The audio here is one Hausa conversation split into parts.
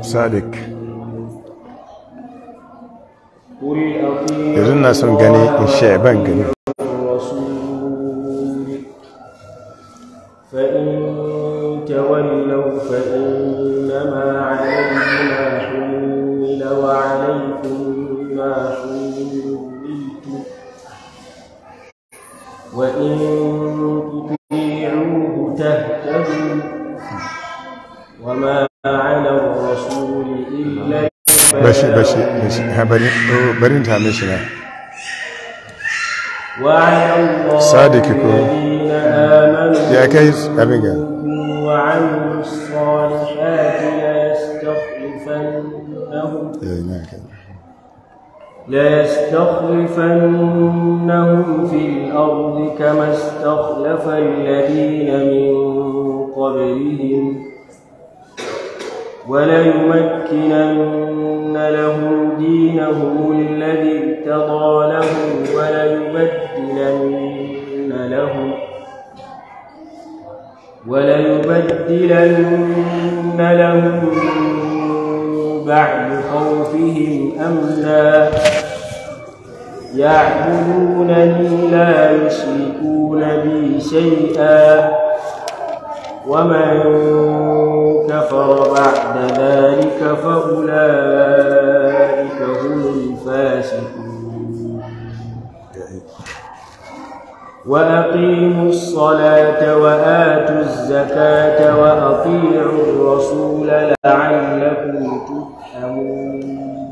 sadik irin na son gani in sha ban gani to barin ta mishi na sadiki ليستخلفنهم في الأرض كما استخلف الذين من قبلهم وليمكنن يمكنه للذي ارتضى له وليبدلن لهم وليبدلن لهم بعد خوفهم أمنا يعبدونني لا يشركون بي شيئا ومن كفر بعد ذلك فأولئك هم الفاسقون وأقيموا الصلاة وآتوا الزكاة وأطيعوا الرسول لعلكم ترحمون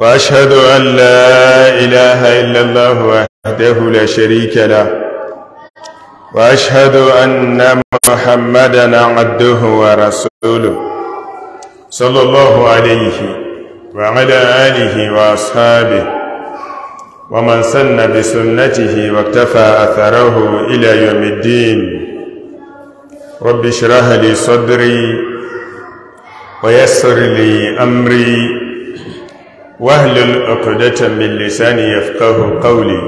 وأشهد أن لا إله إلا الله وحده لا شريك له وأشهد أن محمدا عبده ورسوله صلى الله عليه وعلى آله وأصحابه ومن سن بسنته واكتفى أثره إلى يوم الدين رب اشرح لي صدري ويسر لي أمري واهلل عقدة من لساني يفقه قولي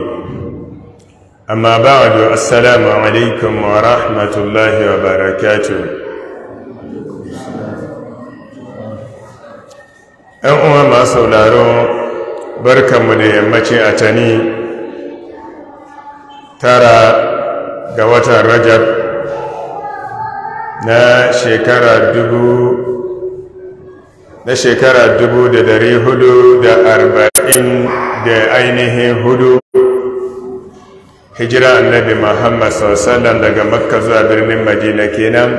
أما بعد السلام عليكم ورحمة الله وبركاته ‘Yan uwa masu sauraro barkanmu da yammaci a tani tara ga watan Rajab na shekara dubu na shekara dubu da dari hudu da arba'in da ainihin hudu hijira annabi muhammad sallallahu daga makka zuwa birnin madina kenan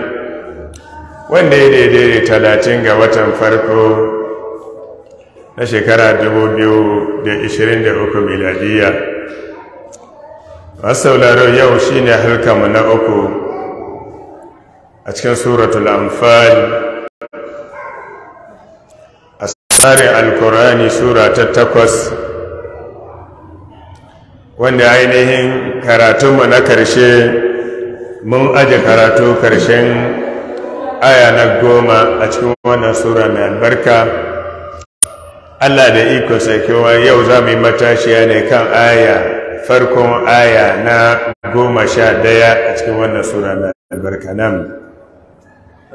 wanda ya daidai talatin ga watan farko na shekara dubu biyu da ishirin da uku miladiyya masu sauraro yau shine halkamu na uku a cikin suratul amfani tsare alkurani sura ta takwas wanda ainihin karatunmu na karshe mun aje karatu karshen aya na goma a cikin wannan sura mai albarka allah da iko sakewa yau za mu yi matashiya ne kan aya farkon aya na goma sha daya a cikin wannan sura mai albarka nan.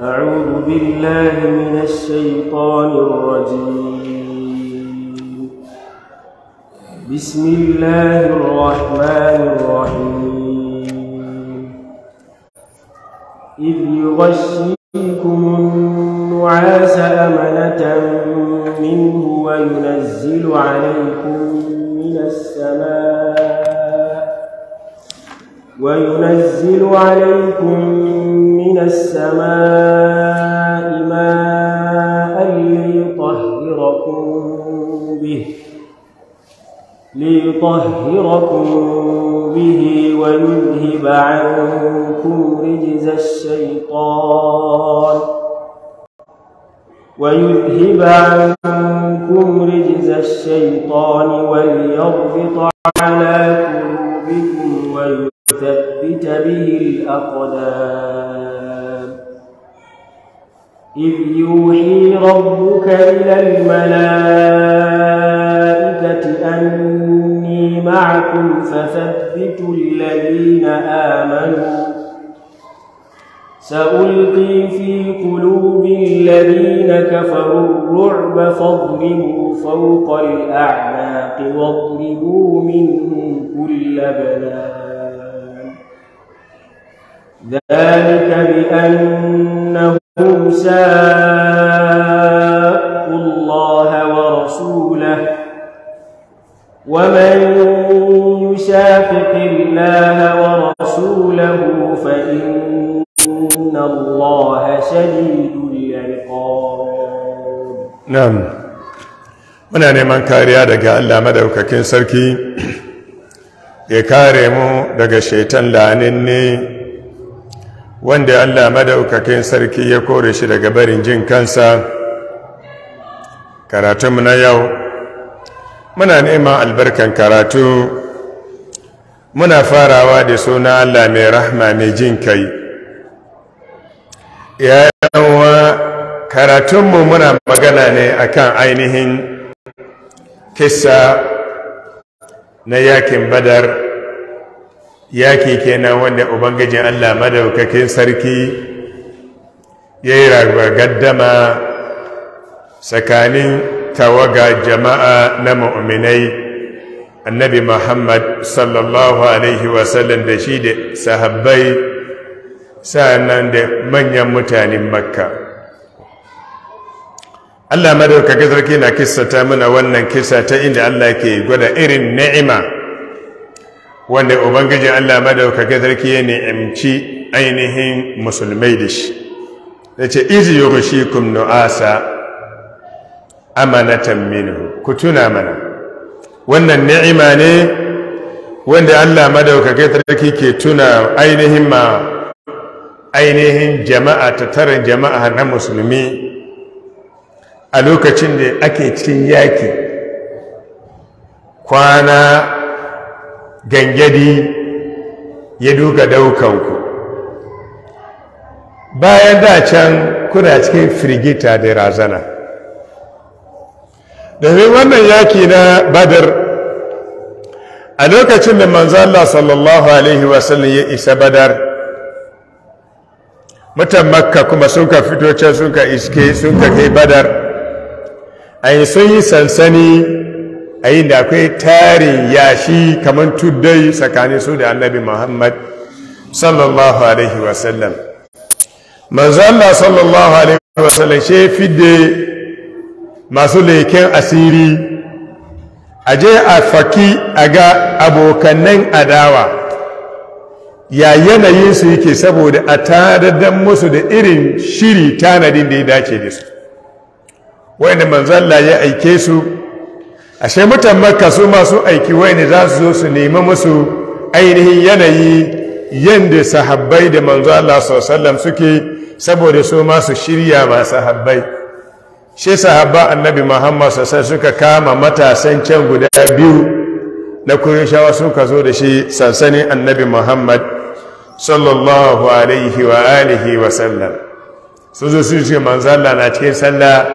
أعوذ بالله من الشيطان الرجيم بسم الله الرحمن الرحيم إذ يغشيكم النعاس أمنة منه وينزل عليكم من السماء وينزل عليكم من السماء ماء ليطهركم به ليطهركم به ويذهب عنكم رجز الشيطان ويذهب عنكم رجز الشيطان وليربط على قلوبكم وثبت به الأقدام إذ يوحي ربك إلى الملائكة أني معكم فثبتوا الذين آمنوا سألقي في قلوب الذين كفروا الرعب فاضربوا فوق الأعناق واضربوا منهم كل بنان ذلك بأنهم ساقوا الله ورسوله ومن يشاقق الله ورسوله فإن الله شديد العقاب نعم muna neman kariya daga Allah madaukakin sarki ya kare mu daga shaitan laninne wanda Allah madaukakin sarki ya kore shi daga barin jin kansa karatunmu na yau muna neman albarkan karatu muna farawa da suna Allah mai rahma mai jin kai yawa karatunmu muna magana ne akan ainihin kisa na yakin badar Ya ke kenan wanda ubangijin Allah madaukakin sarki ya yi gaddama tsakanin tawaga jama'a na mu'minai annabi Muhammad sallallahu alaihi wasallam da shi da sahabbai sa'annan da manyan mutanen makka Allah madaukakin sarki na ta mana wannan kisa ta inda Allah ke gwada irin ni'ima wanda ubangiji Allah madaukake sarki ya ni'imci ainihin musulmai da shi yace izi yughshikum nu'asa amanatan minhu ku tuna mana wannan ni'ima ne wanda Allah madaukake sarki ke tuna ainihin ma ainihin jama'a ta taran jama'a na musulmi a lokacin da ake cin yaki kwana gangadi ya duka daukanku bayan da can kuna cikin firgita da razana domin wannan yaki na badar a lokacin da manzala sallallahu alaihi wasallam ya isa badar mutan makka kuma sun ka fito can sun ka iske sun ka kai badar a yi sun yi sansani a yin da akwai tarin yashi kamar tuddai tsakanin su da annabi muhammad sallallahu alaihi wasallam manzalla sallallahu alaihi wasallam shi fide masu leken asiri aje a faki a ga abokanan adawa ya su yake saboda a tadaddan musu da irin shiri tanadin da ya dace da su wanda manzalla ya aike su ashe mutan makka su masu aiki wani za su zo su nemi musu ainihin yanayi yadda sahabbai da manzo Allah sallam suke saboda su masu shirya ma sahabbai shi sahabba annabi muhammad sassan suka kama matasan can guda biyu na kuyushawa suka zo da shi sansanin annabi muhammad sallallahu alaihi wa alihi wa sallam su zo su ce manzo Allah na cikin sallah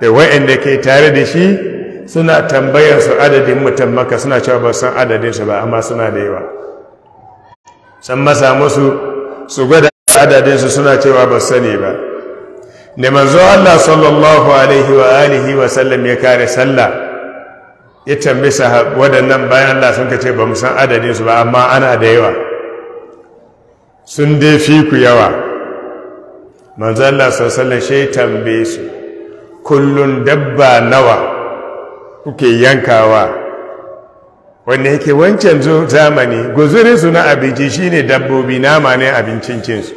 da wa'anda ke tare da shi suna tambayar su adadin mutum maka suna cewa ba san adadin su ba amma suna da yawa san masa musu su gwada adadin su suna cewa ba sani ba da manzo Allah sallallahu alaihi wa alihi wa sallam ya kare sallah ya tambi sahab wadannan bayan Allah sun kace ba mu san adadin su ba amma ana da yawa sun dai fi ku yawa manzo Allah sallallahu alaihi wa sallam shi tambaye su kullun dabba nawa kuke yankawa wanda yake wancan zamani guzurinsu na abinci shine dabbobi nama ne abincincinsu.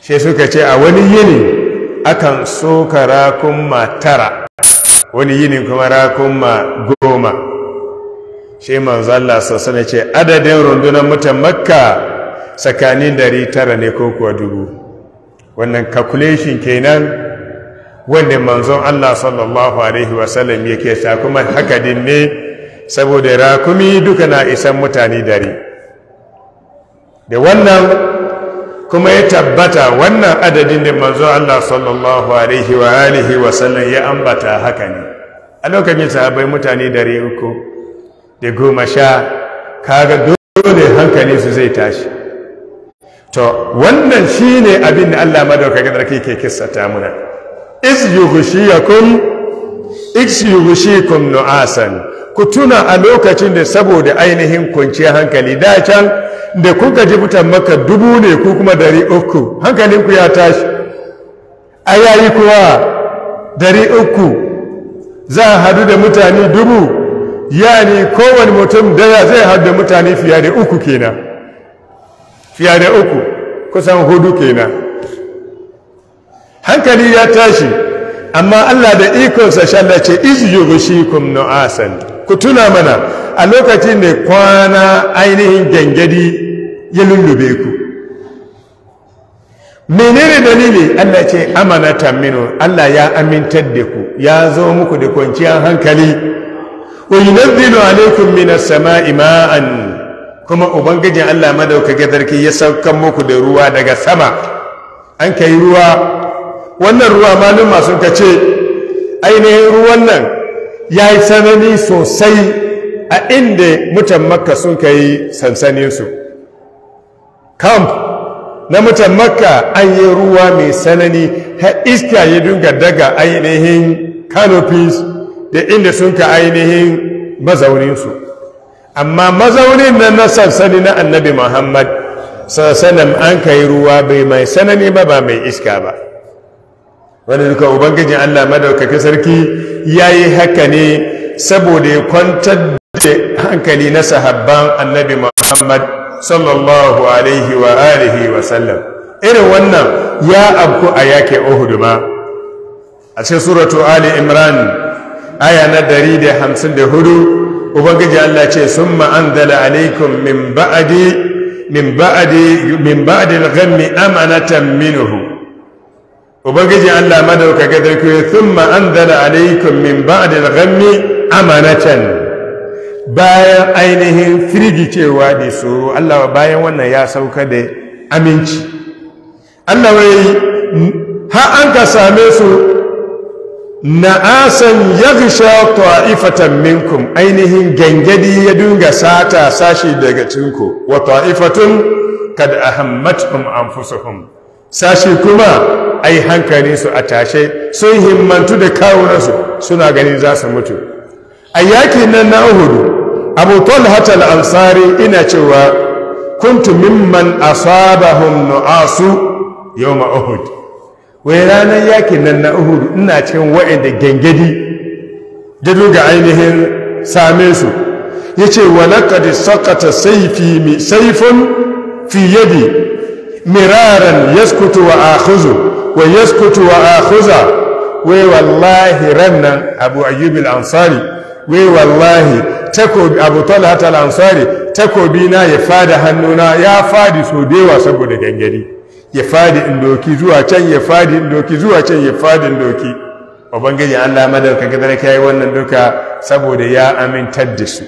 shi suka ce a wani yini akan soka rakunma tara wani yini kuma ma goma shi manzalla sassana ce adadin rundunar mutan makka tsakanin tara ne ko kuwa dubu wannan calculation kenan wanda manzon Allah sallallahu alaihi wasallam yake sa kuma haka din ne saboda rakumi duka na isan mutane dare da wannan kuma ya tabbata wannan adadin da manzon Allah sallallahu alaihi wa alihi wasallam ya ambata haka ne a lokacin sahabai mutane dare uku da goma sha kaga dole hankali su zai tashi to wannan shine abin da Allah madaukakin sarki ke kissata muna iz yughshiyakum iz nu'asan ku tuna a lokacin da saboda ainihin kwanciyar hankali da can da kuka ji fitan maka dubu ne ku kuma dari uku hankalinku ya tashi a yayi kuwa dari uku za a hadu da mutane dubu Ya yani kowane mutum daya zai hadu da mutane fiye da uku kenan fiye da uku kusan hudu kenan hankali ya tashi amma Allah da ikonsa shalla ce izyughshikum nu'asan ku tuna mana a lokacin da kwana ainihin gangadi ya lullube ku menene dalili Allah ce amanatan minu Allah ya amintar da ku ya zo muku da kwanciyar hankali wa yunazzilu alaikum minas sama'i ma'an kuma ubangijin Allah madaukake sarki ya saukan muku da ruwa daga sama an kai ruwa wannan ruwa malin masu ka ce ainihin ruwan nan ya yi tsanani sosai a inda mutan makka sun ka yi sansaninsu camp na mutan makka an yi ruwa mai tsanani ha iska ya dinga daga ainihin canopies da inda sun ka ainihin mazauninsu amma mazaunin nan na sansani na annabi muhammad sansanin an ka yi ruwa bai mai tsanani ba ba mai iska ba wani duka ubangijin allah madaukakin sarki ya yi haka ne saboda ya kwantar da hankali na sahabban annabi muhammad sallallahu alaihi wa alihi wa sallam irin wannan ya abku a yake ohudu ma a cikin suratu ali imran aya na hudu, ubangiji allah ce sun ma'andala alaikum min ba'adi min ba'adi min ba'adi min ba'adi min ubangiji allah ga da ya thumma anzala alaikum min ba'dil ghammi amanatan bayan ainihin firgicewa da su allah bayan wannan ya sauka da aminci allah wai har an ka same su na'asan yaghsha ta'ifatan minkum ainihin gangadi ya dunga sata sashi daga cinku wa ta'ifatun kad ahammatum anfusuhum sashi kuma a yi hankali su a tashe sun himmantu da kawunansu suna ganin za su mutu a yaki nan na uhudu abu hatal ansari ina cewa kuntu mimman asabahum nu'asu ma uhud wai ranar yaki nan na uhudu ina cikin da gangadi da ga ainihin same su Ya wa laqad saqata saifin fiye da miraran yaskutu wa akhuzu wa yaskutu wa akhuza wai wallahi rannan abu ayyubil ansari wai wallahi takobi abu talhat al ansari takobi na ya fada hannuna ya fadi so dewa saboda gangari ya fadi indoki zuwa can ya fadi indoki zuwa can ya fadi indoki ubangiji Allah madarka gadar kai wannan duka saboda ya amintar da su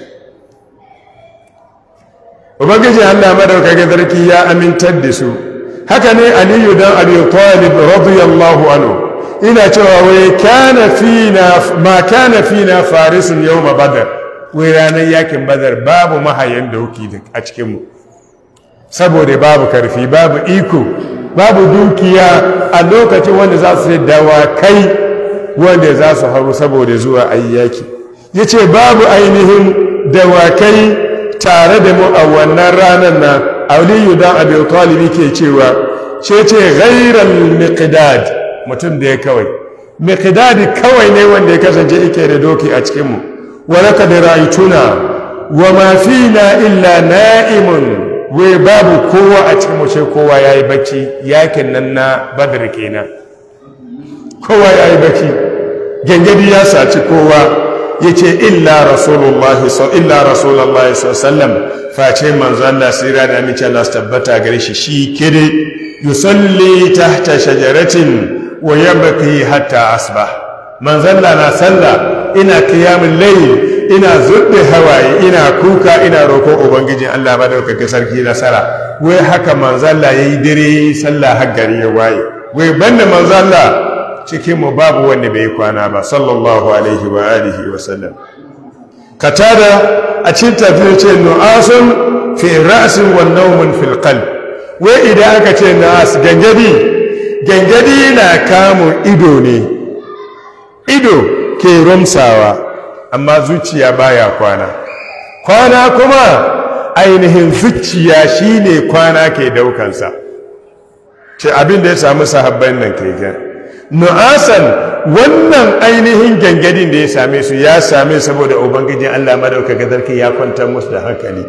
ubangiji Allah madarka gadarki ya amintar da su haka ne aliyu dan abi talib radiyallahu anhu ina cewa wai kana fina ma kana fina farisun yawma badar wai ranar yakin badar babu mahayan dauki a cikin mu saboda babu karfi babu iko babu dukiya a lokacin wanda za su dawa kai wanda za su haru saboda zuwa ayyaki yace babu ainihin dawakai tare da mu a wannan ranar na aliyu dan abi talibi ke cewa ce ce ghairal miqdad mutum da ya kawai miqdadi kawai ne wanda ya kasance yake da doki a cikin mu wa laqad ra'aytuna wa ma fina illa na'imun wai babu kowa a cikin mu sai kowa yayi bacci yakin nan na badr kenan kowa yayi bacci gengedi ya saci kowa yace illa rasulullahi sallallahu illa rasulullahi face manzo Allah sirra da amince Allah tabbata gare shi shi kire yusalli tahta shajaratin wa yabqi hatta asba manzo Allah na sallah ina qiyamul layl ina zubbe hawaye ina kuka ina roko ubangijin Allah kake sarki nasara wai haka manzo Allah yayi dire sallah har gari ya waye wai banda manzo Allah cikinmu babu wanda bai kwana ba sallallahu alaihi wa alihi wa sallam katada a cikin tafiya ce nu'asun fi ra'sin wa nawmun fil qalb wai idan aka ce nu'as gangadi gangadi na kamun ido ne ido ke rumsawa amma zuciya baya kwana kwana kuma ainihin zuciya shine kwana ke daukansa ce abin da ya samu sahabban nan keken nu'asan wannan ainihin gangadin da ya same su ya same saboda ubangijin Allah madauka gadarki ya kwantar musu da hankali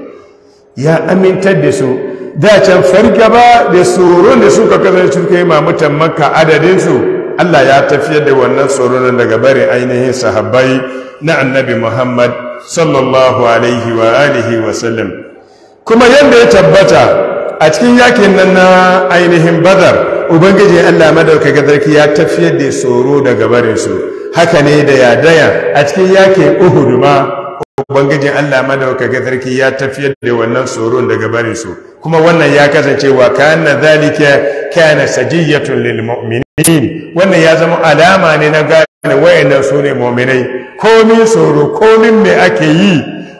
ya amintar da su da can fargaba da tsoron da suka kasance suka yi mamutan makka adadin Allah ya tafiyar da wannan tsoron daga barin ainihin sahabbai na annabi Muhammad sallallahu alaihi wa alihi wa sallam kuma yadda ya tabbata a cikin yakin nan na ainihin badar ubangiji allah madaukakin sarki ya tafiyar da tsoro daga barinsu haka ne da yadaya a cikin yake uhud ma ubangijin allah madaukakin sarki ya tafiyar da wannan tsoron daga barinsu kuma wannan ya kasance wa kana zalika kana sajiyatun lil mu'minin wannan ya zama alama ne na gane wayannan su ne mu'minai komin tsoro komin me ake yi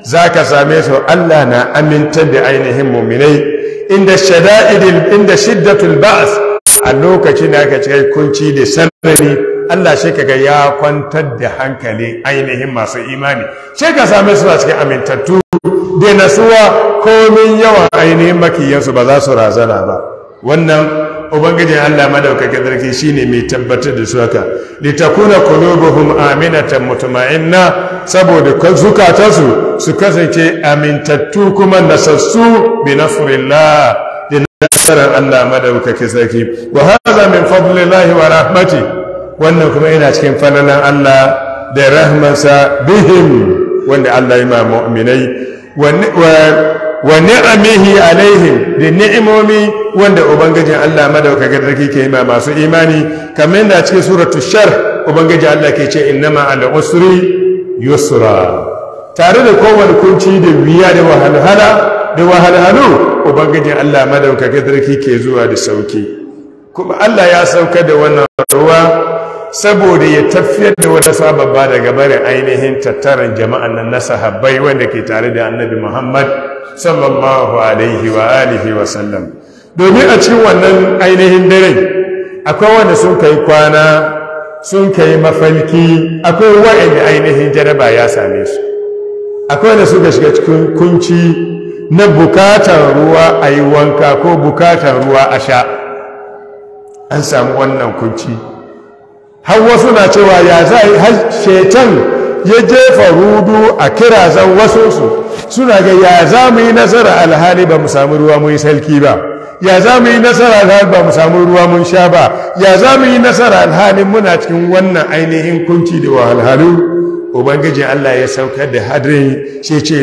zaka same su allah na amintar da ainihin mu'minai inda shada'idil inda shiddatul ba's a lokacin da aka cika kunci da sarari Allah shi kaga ya kwantar da hankali ainihin masu imani shi ka same su a cikin amintattu da nasuwa komin yawan ainihin makiyansu ba za su razana ba wannan ubangijin Allah madaukakin sarki shine mai tabbatar da su haka litakuna qulubuhum aminatan mutma'inna saboda zukatansu su kasance amintattu kuma nasassu bi nasrillah nasarar Allah madaukake sarki wa hadha min fadlillahi wa rahmati wannan kuma yana cikin falalan Allah da rahmansa bihim wanda Allah ya ma mu'minai wa ni'amihi alaihim da ni'imomi wanda ubangijin Allah madaukake sarki ke ma masu imani kamar yana cikin suratu shar ubangijin Allah ke ce innama al-usri yusra tare da kowane kunci da wiya da wahalhala da wahalhalu ubangijin Allah madaukakin sarki ke zuwa da sauki kuma Allah ya sauka da wannan ruwa saboda ya tafiyar da wata sababba daga barin ainihin tattaran jama'an nan na sahabbai wanda ke tare da annabi Muhammad sallallahu alaihi wa alihi wa sallam domin a cikin wannan ainihin dare akwai wanda sun kai kwana sun kai mafalki, akwai wa'anda ainihin jaraba ya same su akwai wanda suka shiga cikin kunci na bukatar ruwa a yi wanka ko bukatar ruwa a sha an samu wannan kunci har wasu na cewa ya za har shetan ya jefa rudu a kirazan su, suna ga ya za mu yi nasara alhali ba mu samu ruwa mu yi salki ba ya za mu yi nasara alhali ba mu samu ruwa mun sha ba ya za mu yi nasara alhali muna cikin wannan ainihin kunci da wahalhalu ubangijin allah ya saukar da hadirin shi ce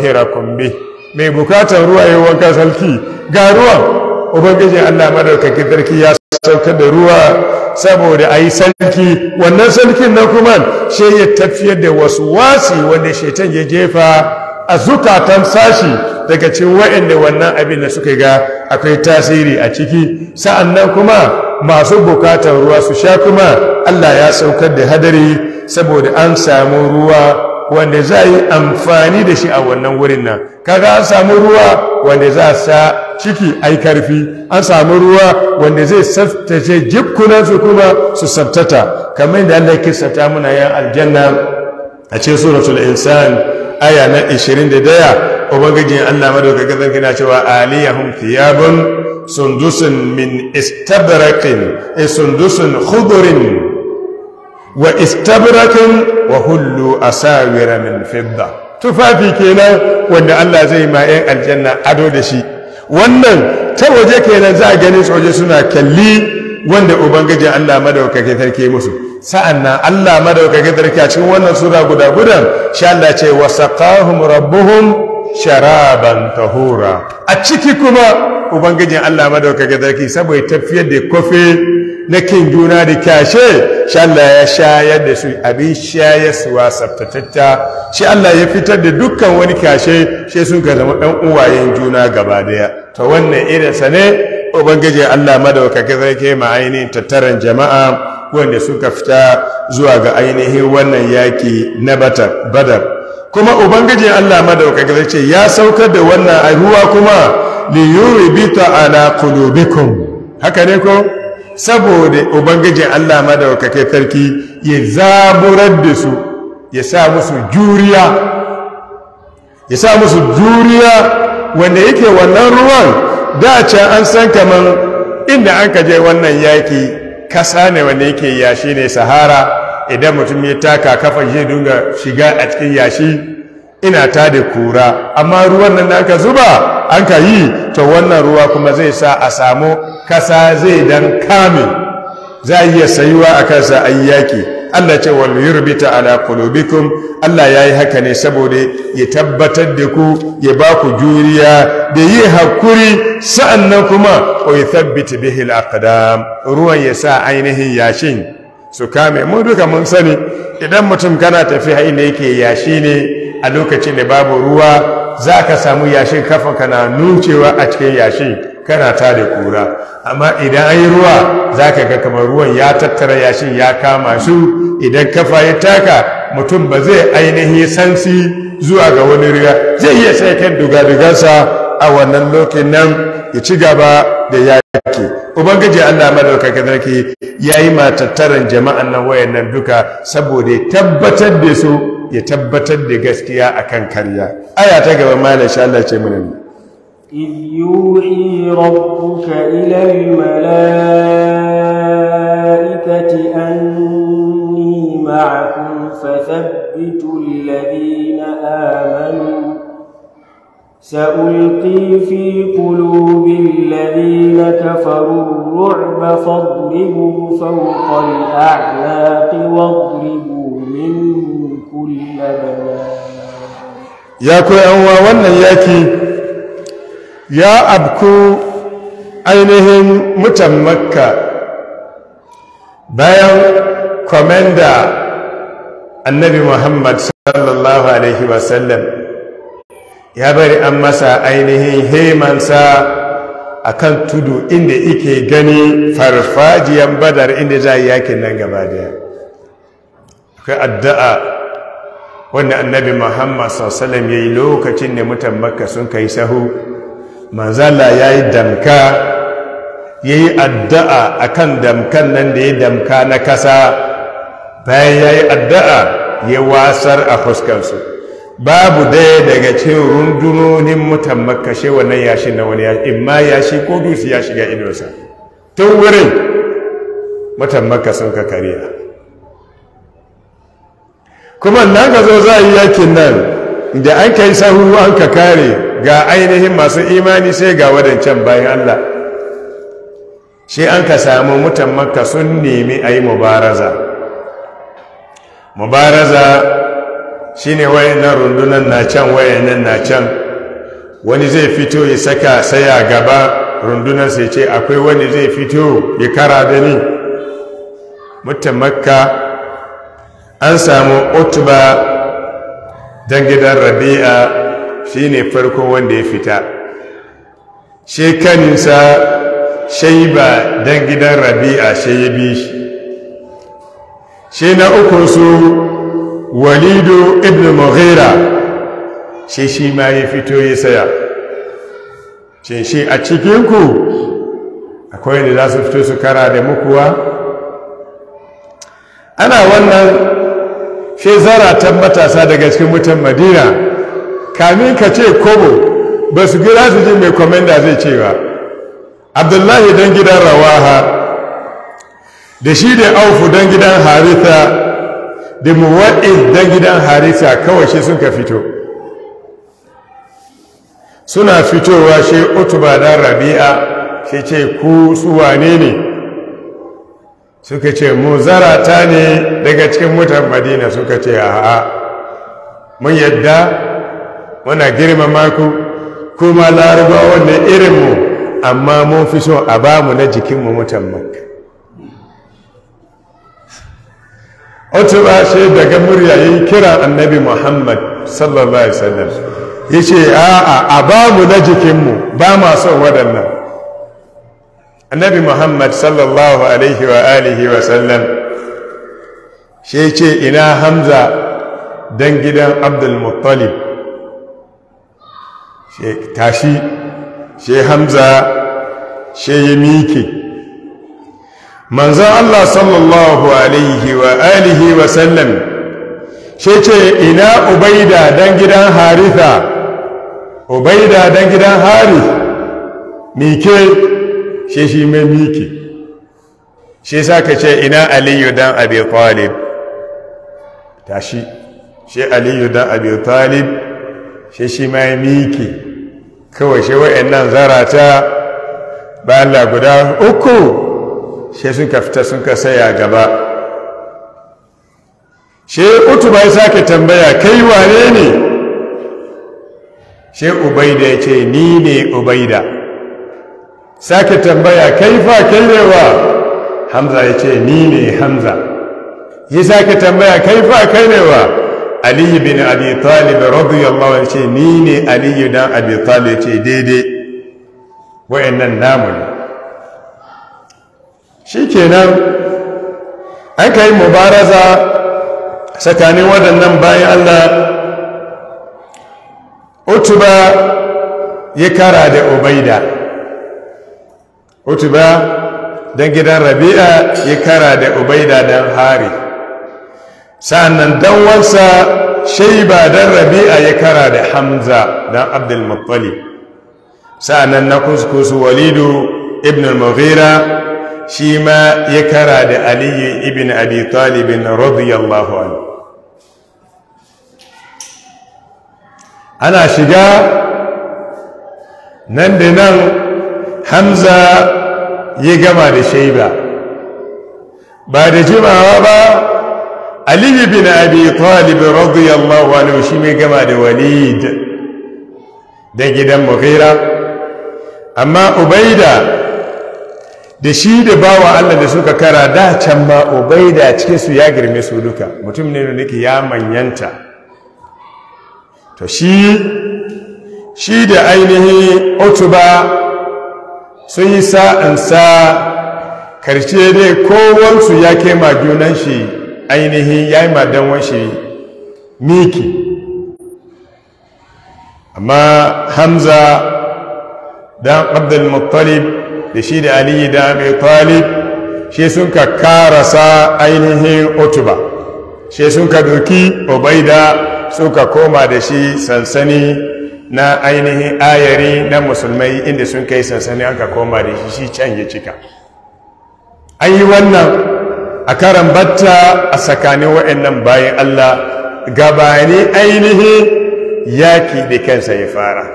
hira kumbi mai bukatar ruwa ya wanka sarki ga ruwan ubangiji allah madaukakin sarki ya saukar da ruwa saboda a yi sarki wannan sarkin na kuma shi ya tafiyar da wasu wasi wanda shaitan ya jefa a zukatan sashi daga cikin waɗanda wannan abin da suka ga akwai tasiri a ciki sa'annan kuma masu bukatar ruwa su sha kuma allah ya saukar da hadari saboda an samu ruwa wanda za yi amfani da shi a wannan wurin nan kaga an samu ruwa wanda za sa ciki ai karfi an samu ruwa wanda zai tsaftace su kuma su tsabtata kamar da Allah ya ta muna yan aljanna a cikin suratul insan aya na 21 ubangiji Allah ga sarki na cewa aliyahum thiyabun sundusun min istabraqin eh, sundusun khudrin wa istabrakin wa hullu asawira min fidda tufafi kenan wanda Allah zai ma yan aljanna ado da shi wannan ta waje kenan za a ganin waje suna kalli wanda ubangiji Allah madaukake tarke musu sa'annan Allah madaukake tarke. a cikin wannan sura guda gudan sha Allah ce wasaqahum rabbuhum sharaban tahura a ciki kuma ubangijin Allah madaukake tarke saboda tafiyar da kofi na kin juna da kyashe shi Allah ya shayar da su abin shayarwa tsaftatatta shi Allah ya fitar da dukkan wani kyashe shi sun ga zama ɗan uwayen juna gaba daya ta wannan irinsa ne ubangiji Allah madaukakin sarki ma ainihin tattaran jama'a wanda suka fita zuwa ga ainihin wannan yaki na badar kuma ubangiji Allah madaukakin sarki ya saukar da wannan ruwa kuma li yuribita ala qulubikum haka ne ko saboda ubangijin Allah madaukake sarki ya zaburar da su ya sa musu juriya ya sa musu juriya wanda yake wannan ruwan da can an san kaman inda an kaje wannan yaki kasa ne wanda yake yashi ne sahara idan mutum ya taka kafa zai dinga shiga a cikin yashi ina ta da kura amma ruwan nan da aka zuba an ka yi to wannan ruwa kuma zai sa a samu kasa zai dan kame za a iya sayuwa a kansa an yaki Allah ce wal yurbita ala qulubikum Allah ya yi haka ne saboda ya tabbatar da ku ya ba ku juriya da yi hakuri sa'an nan kuma wa yuthabbit bihi al ruwan ya sa ainihin yashin su kame mu duka mun sani idan mutum kana tafiya inda yake yashi ne a lokacin da babu ruwa za ka samu yashin kafa kana nucewa a cikin yashin kana ta da kura amma idan an yi ruwa za ka ga kamar ruwan ya tattara yashin ya kama su idan kafa ya taka mutum ba zai ainihi sansi zuwa ga wani riga zai iya sai kan dugadugansa a wannan lokacin nan ya ci gaba da yaki ubangiji allah madaukakin sarki ya yi matattaran jama'an nan wayannan duka saboda tabbatar da su ya tabbatar da gaskiya a kan karya aya ta gaba mana sha Allah ce mana iyuhi rabbuka ila almalaikati anni ma'akum fathabbitu alladhina amanu سألقي في قلوب الذين كفروا الرعب فاضربوا فوق الأعناق واضربوا منهم ya koyanwa wannan yaki ya abku ainihin mutan makka bayan Kwamenda annabi muhammad sallallahu alaihi wasallam ya bari an masa ainihin hemansa a kan tudu inda ike gani farfajiyan badar inda za a yakin nan gaba daya Ka addu'a wanda annabi muhammad sassalam ya yi lokacin da mutan makka sun kai sahu manzala ya yi damka ya yi addu'a a kan damkan nan da ya damka na kasa bayan ya yi addu'a ya wasar a fuskansu babu daya daga cin rundunonin mutan makka shi wannan yashi na wani yashi in ma yashi ko dusu ya shiga idonsa tun wurin mutan makka sun ka kariya kuma nan ka zo za a yi yakin nan da an kai sahu an ka kare ga ainihin masu imani sai ga wadancan bayan Allah shi an ka samu mutan makka sun nemi a yi mubaraza mubaraza shi ne wayannan rundunan na can wayannan na can wani zai fito ya saka saya gaba rundunar sai ce akwai wani zai fito ya kara da ni mutan makka an samu Otba don gidan rabi'a shine farko wanda ya fita shi kaninsa shaiba dan gidan rabi'a shai ya bi shi shi na uku su walidu ibn mughira shi shi ma ya fito ya saya shi shi a cikinku akwai da za su fito su kara da mukuwa ana wannan sai zaratan matasa daga cikin mutan madina kamin ka ce kobo ba su gira su ji mai komenda zai ce ba abdullahi dan gidan rawaha da shi da aufu dan gidan haritha da muwa'iz dan gidan haritha kawai shi sun ka fito suna fitowa shi ba dan rabi'a shi ce ku su wane ne suka ce mu zarata ne daga cikin mutan madina suka ce a'a mun yadda muna girma maku kuma laruba ne irinmu amma mun fi so a ba mu na jikinmu mutan makka ba shi daga murya yi kira annabi muhammad sallallahu alaihi wasallam ya ce a'a a ba mu na jikinmu ba ma son waɗannan annabi muhammad sallallahu alaihi wa alihi wa sallam shi ce ina hamza don gidan abdulmuttalib tashi shi hamza shi yi miki manzan allah sallallahu alaihi wa alihi wa sallam shi ce ina ubaida don gidan haritha ubaida dan gidan harith mike shi shi mai miki shi sa ka ce ina aliyu dan abi talib tashi shi aliyu dan abi talib shi shi mai miki kawai shi nan zarata ba Allah guda uku shi suka fita sun ka saya gaba shi utu bai sa ka tambaya kai wane ne shi ubaida ya ce ni ne ubaida sake tambaya kai ne wa? hamza ya ce ni ne hamza yi sake tambaya kai ne wa? aliyu bin abi talib radiyallahu anhu ce ni ne aliyu dan abi talib ce daidai wayannan namu ne shikenan an kai mubaraza tsakanin waɗannan bayan Allah utuba ya kara da ubaida utuba dan gidan rabi'a ya kara da ubaida dan hari sa'annan dan wansa shaiba dan rabi'a ya kara da hamza dan abdul muttalib sa'annan na kuskusu walidu ibn al-mughira shi ma ya kara da aliyu ibn abi talibin radiyallahu anhu ana shiga nan da nan hamza ya gama da shaiba ba da jimawa ba aliyu bin abi talib radiyallahu anhu shi mai gama da walid da gidan mughira amma ubaida da shi da bawa allah da suka kara da can ma ubaida su ya girme su duka mutum ne da nake ya manyanta to shi shi da ainihi otuba sun yi sa'ansa karshe dai kowansu ya kema junan shi ainihin ya yi madanwan shi miki amma hamza dan muttalib da shi da aliyu da abu talib shi sun ka karasa ainihin otuba shi sun ka doki obaida sun ka koma da shi sansani na ainihin ayari na musulmai inda sun kai sansani an ka koma da shi shi can ya cika an yi wannan a karan batta a tsakanin wa'annan bayan allah gabani ainihin yaki da kansa ya fara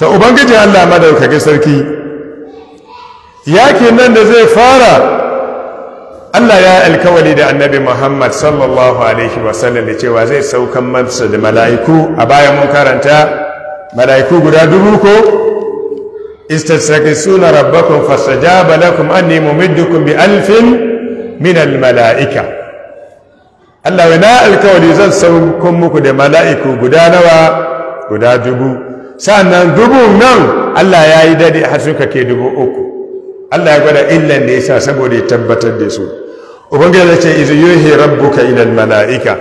ta ubangiji allah madaukakin sarki yakin nan da zai fara Allah ya alkawali da annabi Muhammad sallallahu alaihi wasallam da cewa zai saukan masa da mala'iku a bayan mun karanta mala'iku guda dubu ko fasa ja balakun an nemo middukun bi alfin minal mala'ika Allah wa na alkawali zan saukan muku da mala'iku guda nawa guda dubu sannan dubu nan Allah ya yi dade har suka ke dubu uku Allah ya gwada illan da ya sa saboda ya tabbatar da su ubangiji ya ce izu yuhi rabbuka ila al mala'ika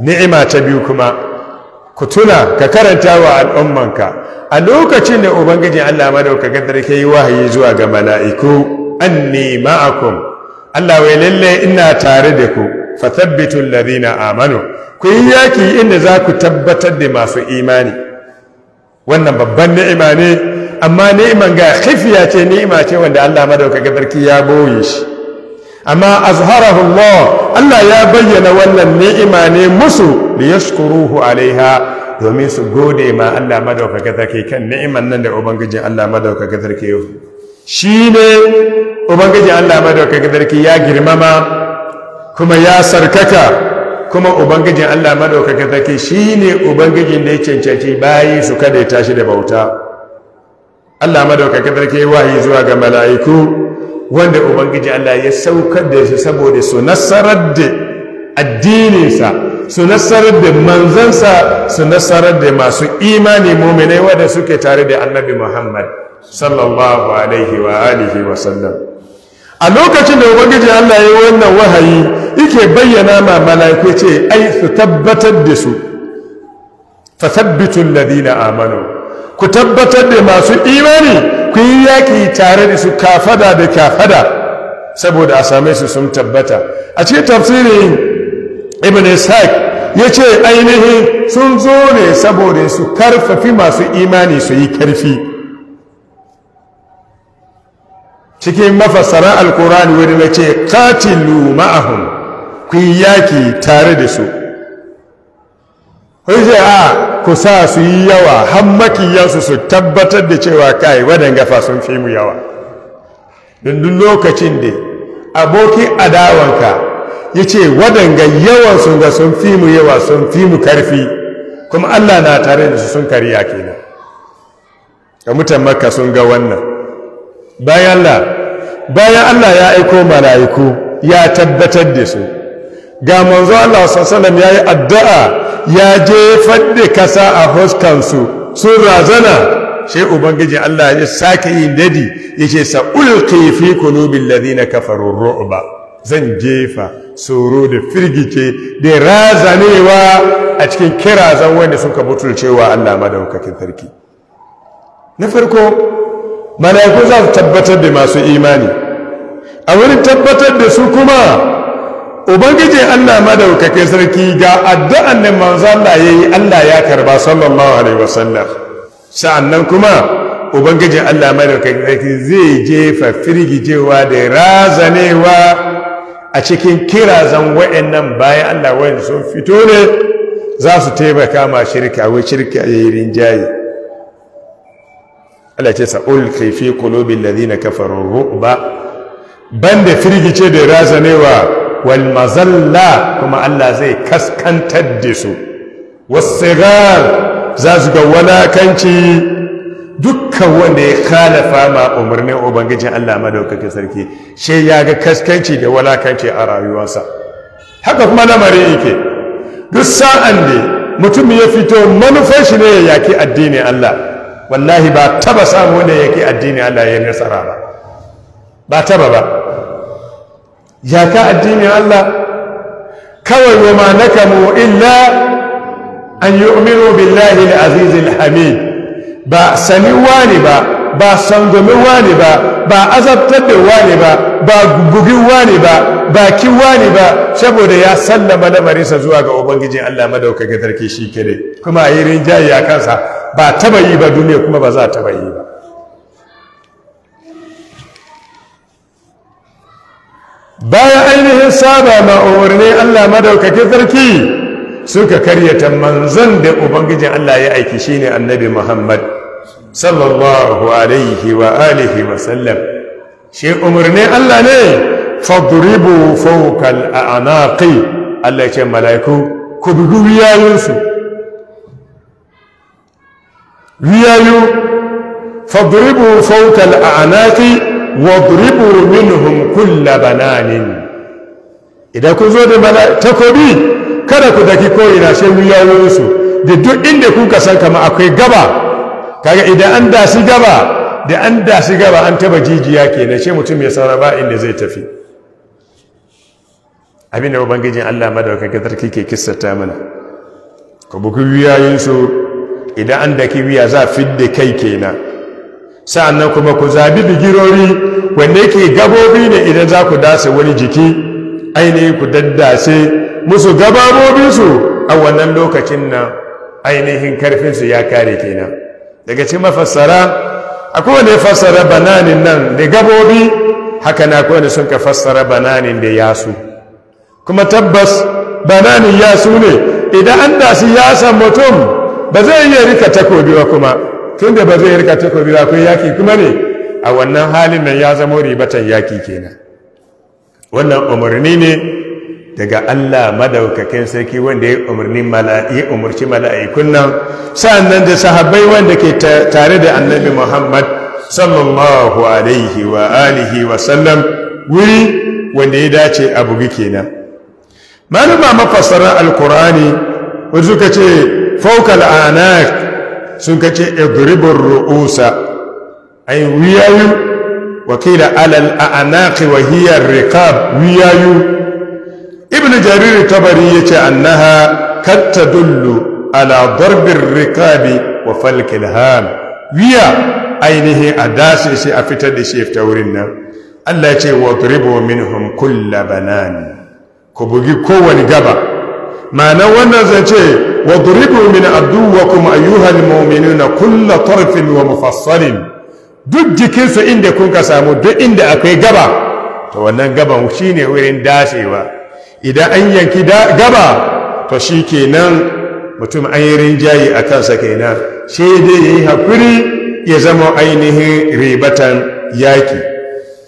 ni'ima ta biyu kuma ku tuna ka karanta wa al'ummanka a lokacin da ubangiji Allah madaukakin sarki yi wahayi zuwa ga mala'iku anni ma'akum Allah wai lalle ina tare da ku fa thabbitu alladhina amanu ku yi yaki inda za ku tabbatar da masu imani wannan babban ni'ima ne amma ni'iman ga khifiya ce ni'ima ce wanda Allah ga sarki ya boye shi amma azharahu Allah Allah ya bayyana wannan ni'ima ne musu da yashkuruhu alaiha domin su gode ma Allah madaukaka take kan ni'iman nan da ubangijin Allah madaukaka take shi ne ubangijin Allah madaukaka take ya girmama kuma ya sarkaka kuma ubangijin Allah madaukaka take shine ubangijin da ya cancanci bayi su kada ya tashi da bauta Allah madaukaka take wahi zuwa ga mala'iku wanda ubangiji Allah ya saukar da shi saboda su nasarar da addininsa su nasarar da manzansa su nasarar da masu imani muminai wanda suke tare da annabi Muhammad sallallahu alaihi wa alihi wa sallam a lokacin da ubangiji Allah ya wannan wahayi yake bayyana ma mala'ikai ce ai su tabbatar da su fa thabbitul ladina amanu ku tabbatar da masu imani ku yi yaƙi tare da su kafada da kafada saboda a same su sun tabbata a cikin tafsirin ibn ishaq ya ce ainihin sun zo ne saboda su karfafi masu imani su yi karfi cikin mafassara alkurani wani na ce katilu ma'ahun ku yi yaƙi tare da su a ku sa su yi yawa har makiyansu su tabbatar da cewa kai waɗanga fa sun fi mu yawa dundun lokacin da abokin adawanka ya ce waɗanga yawan sun ga sun fi mu yawa sun fi mu karfi kuma allah na tare da su sun kariya kenan ga mutan makka sun ga wannan bayan allah bayan allah ya aiko mala'iku ya tabbatar da su ga manzo allah sallallahu ya yi addu'a ya jefar da kasa a huskansu sun razana sai ubangiji Allah ya sake yin dadi ce sa ulqi fi qulubil ladina kafarun ro'uba zan jefa tsoro da firgice da razanewa a cikin kirazan wanda suka butulcewa Allah madaukakin sarki na farko malaiku za su tabbatar da masu imani a wurin tabbatar da su kuma ubangiji allah madaukakin sarki ga addu'an da manzo allah yayi allah ya karba sallallahu alaihi wasallam sa'annan kuma ubangiji allah madaukake sarki zai jefa firgijewa da razanewa a cikin kirazan wa'annan bayan allah wa'in sun fito ne za su taimaka ma shirka wai shirka ya yi rinjaye allah ce sa'ul kaifi kulobin lalina kafarar ru'ba ban firgice da razanewa Walmazalla kuma Allah zai kaskantar da su wasigar za su ga walakanci dukkan wanda ya khalafa ma umarnin ubangijin Allah madaukakin sarki she ya ga kaskanci da walakanci a rayuwarsa haka kuma lamari yake duk sa'an ne mutum ya fito manufar shi ne ya yaki addini Allah wallahi ba taba samu ne ya yaki addinin Allah ya nasara ba ba taba ba jaka addinin Allah kawai wa ma mu illa an umiru billahi al hamid ba saniwa wani ba ba sangomiwa wani ba ba azabtar da wani ba ba gugin wani ba ba kiwa wani ba saboda ya sallama lamarinsa zuwa ga ubangijin Allah madaukakin tarki shi kere kuma a yi rinjaye a kansa ba taba yi ba duniya kuma ba za taba yi ba bayan ainihin saba ma umarni Allah madaukakin sarki suka karyata manzon da ubangijin Allah ya aiki shine annabi Muhammad sallallahu alaihi wa alihi wa sallam shi umarni Allah ne fadribu fawqa al'anaqi Allah ya ce mala'iku ku bugu wiyayunsu wiyayu fadribu fawqa al'anaqi wadribu minhum kulla bananin idan ku zo da takobi kada ku daki ko ina sai su da duk inda kuka san kama akwai gaba kaga idan an shi gaba da an shi gaba an taba jijiya kenan sai mutum ya saraba inda zai tafi abin da ubangijin Allah madaukakin sarki ke kissata mana ku buku wuyayinsu idan an daki wiya za fidda kai kenan sa'annan kuma ku zabi bigirori wanda yake gabobi ne idan za ku dasa wani jiki ainihin ku daddace musu gababobinsu a wannan lokacin nan ainihin karfinsu ya kare kenan daga cikin mafassara akwai wanda ya fassara bananin nan da gabobi haka na akwai wanda sun ka fassara bananin da yasu kuma tabbas bananin yasu ne idan an dasi yasan mutum ba zai iya rika takobi ba kuma Tunda da ba zai rika takobi ba akwai yaki kuma ne a wannan halin nan ya zama ribatan yaki kenan wannan umarni ne daga Allah madaukakin sarki wanda ya umarni mala'i umarci mala'ikun nan sa'annan da sahabbai wanda ke tare da annabi Muhammad sallallahu alaihi wa alihi wa sallam wuri wanda ya dace a bugi kenan malama mafassarar alkurani wanda suka ce faukal anak sun kace idribur ru'usa ay wiyayu wa qila ala al-a'naq wa hiya ar-riqab wiyayu ibn jarir tabari yace annaha kattadullu ala darbi ar-riqab wa falk al-ham wiya ainihi adasi shi a fitar da shi ta wurin nan Allah yace ce wa dribu minhum kull banan ku bugi kowani gaba Mana wannan zance wadribu min aduwakum ayyuhal na kulla tarfin wa mufassalin duk jikinsu inda kun ka samu duk inda akwai gaba to wannan gaban shine wurin dasewa idan an yanki gaba to shi kenan mutum an yi rinjayi a kansa kenan sai dai ya yi haƙuri ya zama ainihin ribatan yaki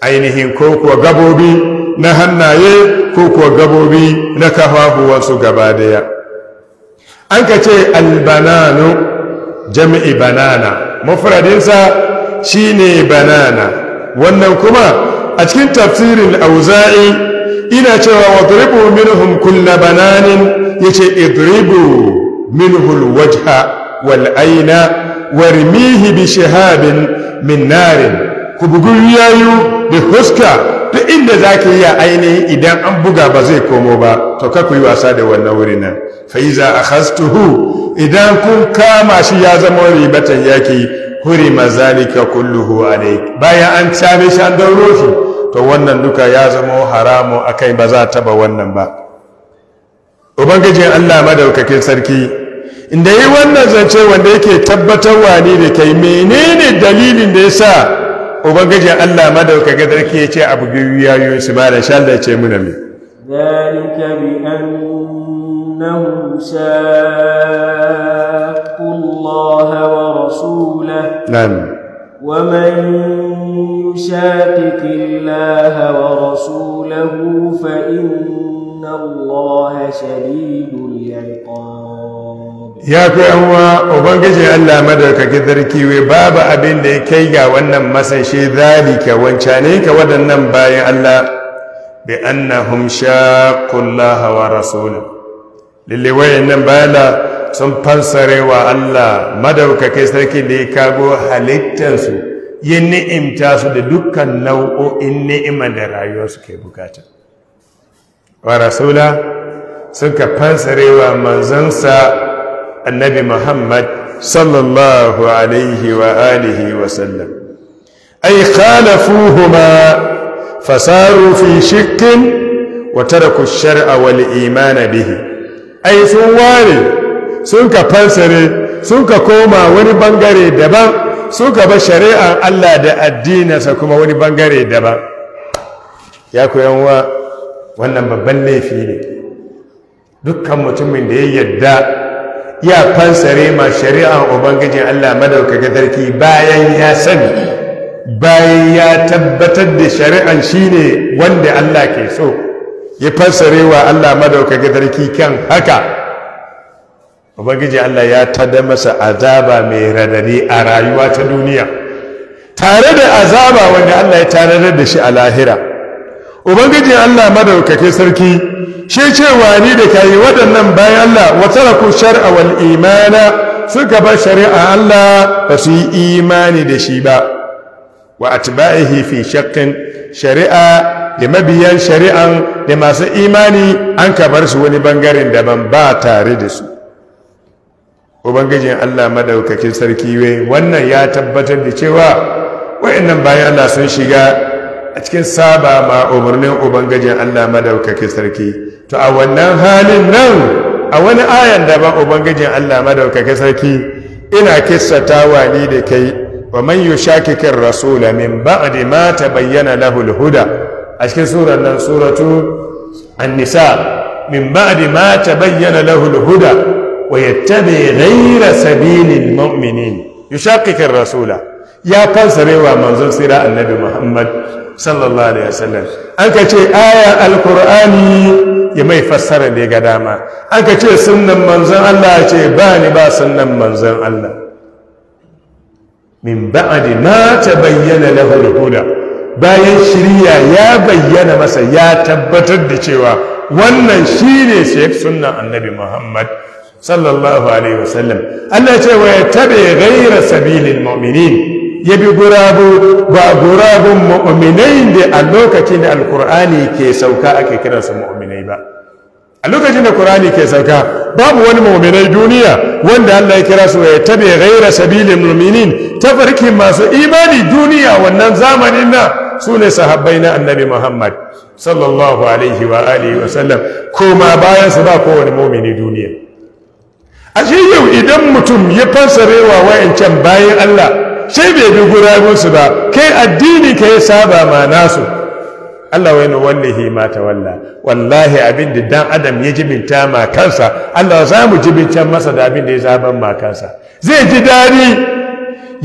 ainihin ko kuwa gabobi na hannaye ko kuwa gabobi na kafafuwansu gaba daya an ka ce albananu jami'i banana mafradinsa shine banana wannan kuma a cikin tafsirin auza'i ina cewa wadribu minhum kulla bananin yace idribu minhul wajha wal'aina aina warmihi bi shihabin min ku bugu yayu da huska duk inda za ka yi ainihi idan an buga ba zai komo ba to ka ku yi wasa da wannan wuri nan fa'iza a hastuhu idan kun kama shi ya zama batan yaki huri mazalika kulluhu ne. bayan an cabe shi an dauro shi to wannan duka ya zama haramu akai ba za ta ba wannan ba ubangijin Allah madaukakin sarki inda yi wannan zance wanda yake tabbatarwa ne da kai menene dalilin da ya sa. Uban ubangijin Allah madauka ga darki ya ce abu biyu ya yi su ba da shan da ce muna mai. Zalika bi annahum shaqullaha wa rasulahu. Nan. Wa man yushaqiqi Allah wa rasulahu fa inna Allah shadidul yaqan. ya kai uwa ubangiji allah madarkakin sarki wai babu abin da ya kai ga wannan masashe zalika wancane ka waɗannan bayan allah bi annahum shaqullaha wa rasulahu Lillewayen nan bayan sun fansarewa allah madaukakin sarki da ya kago halittansu yi ni'imta su da dukkan nau'o'in ni'ima da rayuwarsu ke bukata wa rasula suka fansarewa manzansa annabi muhammad sallallahu alaihi wa alihi wa sallam ay khalafuhuma fasaru fi shikkin wa taraku shar'a wal iman bihi ay sun ware sun ka fansare sun ka koma wani bangare daban sun ka bar shari'an Allah da addininsa kuma wani bangare daban ya koyan wa wannan babban laifi ne dukkan mutumin da ya yadda ya fansare ma shari'ar ubangijin Allah madaukakin sarki bayan ya sani bayan ya tabbatar da shari'an shine wanda Allah ke so ya fansare wa Allah madaukakin sarki kan haka ubangijin Allah ya tada masa azaba mai radari a rayuwa ta duniya tare da azaba wanda Allah ya tarar da shi a lahira ubangiji allah madaukake sarki shi cewa ni da kayi waɗannan bayan allah wa taraku shar'a wal imana suka bar shari'a allah ba su yi imani da shi ba wa atba'ihi fi shakkin shari'a da mabiyan shari'an da masu imani an ka bar su wani bangaren daban ba tare da su ubangijin allah madaukakin sarki wai wannan ya tabbatar da cewa wa'annan bayan allah sun shiga a cikin saba ma umarnin ubangijin Allah madaukake sarki to a wannan halin nan a wani ayan da ba ubangijin Allah madaukake sarki ina kissatawa ni da kai wa man yushakikin rasula min ba'di ma tabayyana lahu huda a cikin surar nan suratu an-nisa min ba'di ma tabayyana lahu huda wa yattabi ghayra sabilil mu'minin yushakikin rasula ya kansarewa manzon sira annabi Muhammad sallallahu alaihi wasallam an ka ce ayar alkur'ani ya mai fassara ne ga dama an ka ce sunnan manzon Allah ce ba ni ba sunnan manzon Allah min ba'di ma tabayyana lahu al-huda bayan shiriya ya bayyana masa ya tabbatar da cewa wannan shine shek sunnan annabi Muhammad sallallahu alaihi wasallam Allah ce wa tabi ghayra sabilil mu'minin ya bi gurabu ba gurabun mu'minai da a lokacin da alkur'ani ke sauka ake kiransa mu'minai ba a lokacin da kur'ani ke sauka babu wani mu'minai duniya wanda Allah ya kira su ya tabe ghaira sabilin mu'minin tafarkin masu imani duniya wannan zamanin na su ne sahabbai na annabi Muhammad sallallahu alaihi wa alihi wa sallam koma bayan su ba kowane mu'mini duniya ashe yau idan mutum ya fansarewa wayancan bayan Allah sai bai bi musu ba kai addini ka ya saba ma nasu Allah wani wallahi ma ta walla wallahi abin da dan adam ya jibinta ma kansa Allah za mu jibinta masa da abin da ya zaban ma kansa zai ji dadi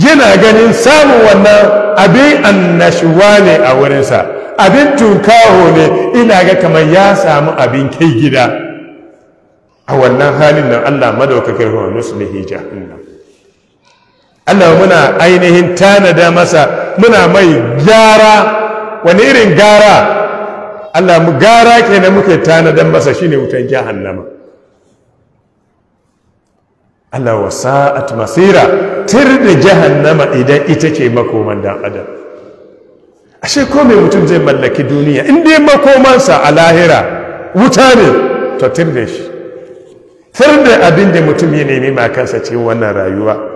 yana ganin samun wannan abin annashuwa ne a wurinsa abin tunkaho ne ina ga kamar ya samu abin kai gida a wannan halin nan Allah madaukakin ruwan nuslihi jahannam Allah muna ainihin tanada masa muna mai gyara wani irin gara Allah mu gara kenan muke tanadan masa shine wutan jahannama Allah wa sa'at masira tir da jahannama idan ita ce makoman dan adam ashe ko mai mutum zai mallaki duniya in dai makomansa a lahira wuta ne to tir da shi tir da abin da mutum ya nemi kansa ce wannan rayuwa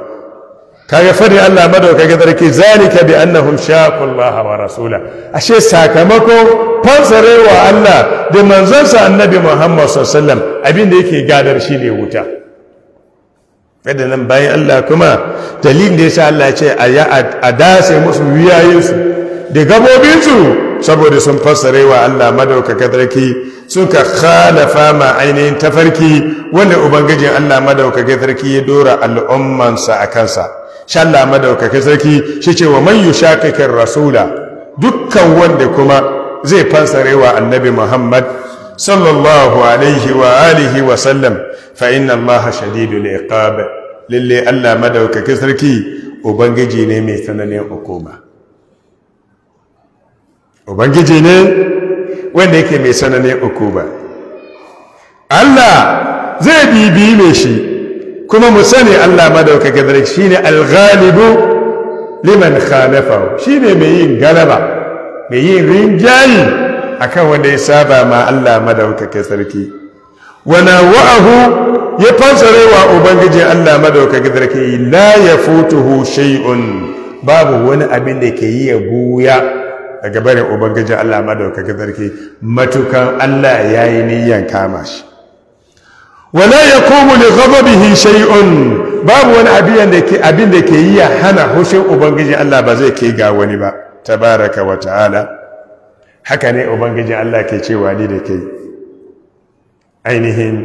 kaga fari Allah ga zarki zalika bi annahum Allah wa rasula ashe sakamako fansarewa Allah da sa annabi Muhammad sallallahu alaihi wasallam abin da yake gadar shi ne wuta kada nan bayan Allah kuma dalilin da yasa Allah ya ce a dase musu wiyayensu da gabobinsu saboda sun fassare wa madauka ga zarki suka khalafa ma ainihin tafarki wanda ubangijin Allah ga zarki ya dora al'ummansa a kansa shalla madaukakin sarki shi ce wa man yushaqiqir rasula dukkan wanda kuma zai fansarewa annabi Muhammad sallallahu alaihi wa alihi wa sallam fa inna Allah shadidul iqab lalle Allah madaukakin sarki ubangiji ne mai tsananin hukuma ubangiji ne wanda yake mai tsananin hukuma Allah zai bibi mai shi kuma mu sani Allah madaukakin sarki shi al alghalibu liman khalafahu ne mai yin galaba mai yin rinjayi akan wanda ya saba ma Allah madaukakin sarki wana wa'ahu ya wa ubangijin Allah madaukakin sarki la yafutuhu shay'un babu wani abin da ke yi ya buya daga barin ubangijin Allah madaukakin sarki matukan Allah ya yi niyyan kama shi wala ya komu ne gababihi shay'un babu wani abin da ke yi ya hana hushin ubangiji Allah ba zai ke ga wani ba tabaraka wa ta'ala haka ne ubangiji Allah ke cewa ni da ke ainihin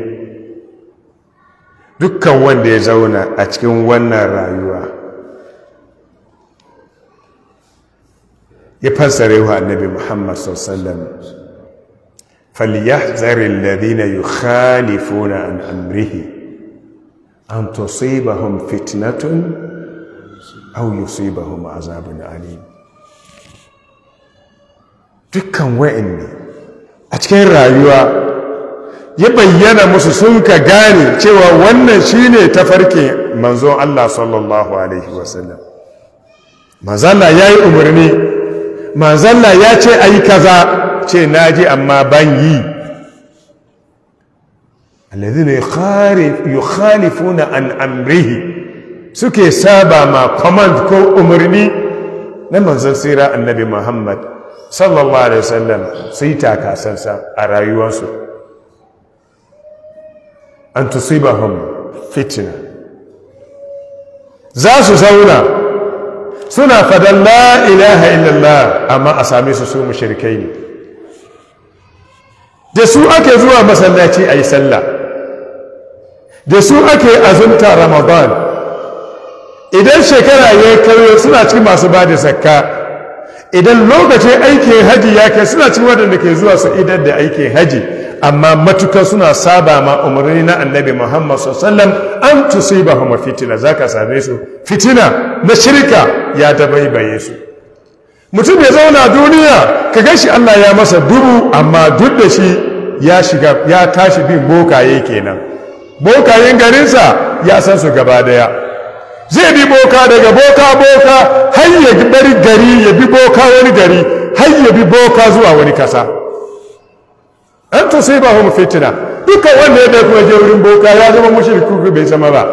dukkan wanda ya zauna a cikin wannan rayuwa ya fassare wa annabi Muhammad sallallahu alaihi wasallam فليحذر الذين يخالفون عن أمره أن تصيبهم فتنة أو يصيبهم عذاب أليم dukkan wa'anne a cikin rayuwa ya bayyana musu sun ka gane cewa wannan shine farke manzon Allah sallallahu alaihi wasallam manzalla yayi umarni manzalla ya ce ayi kaza ce na ji amma ban yi alladhina yukhalifuna an amrihi suke saba ma command ko umarni na manzon sira annabi Muhammad sallallahu alaihi wasallam sai taka sansa a rayuwarsu an tusibahum fitna za su zauna suna fadan la ilaha illallah amma a same su su mushrikai ne da su ake zuwa masallaci a yi sallah da su ake azunta ramadan idan shekara ya kai suna ciki masu ba da zakka idan lokacin aikin haji ya kai suna cikin waɗanda ke zuwa su idan da aikin haji amma matuka suna saba ma umarni na annabi muhammad sallam an ba hama fitina za ka same su fitina na shirka ya dabaibaye su mutum ya zauna duniya ka gan shi allah ya masa dubu amma duk da shi ya shiga ya tashi bin bokaye kenan bokayen garinsa ya san su gaba daya zai bi boka daga boka boka har ya bari gari ya bi boka wani gari har ya bi boka zuwa wani kasa an to sai ba homo fitina duka wanda ya kuma je wurin boka ya zama mushriku bai zama ba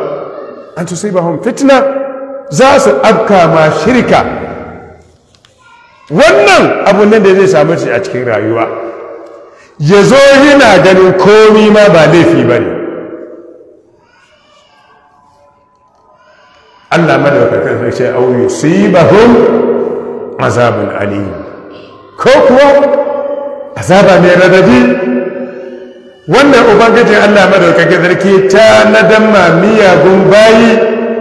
an to sai ba homo fitina za su afka ma shirka wannan abun nan da zai samu shi a cikin rayuwa ya zo yana ganin komi ma ba laifi ba ne allah madaukakan sarki auyu su yi bahun azabin aliyu ko kuwa azaba mai radadi wannan ubangijin allah madaukakan sarki ta nadamma miyagun bayi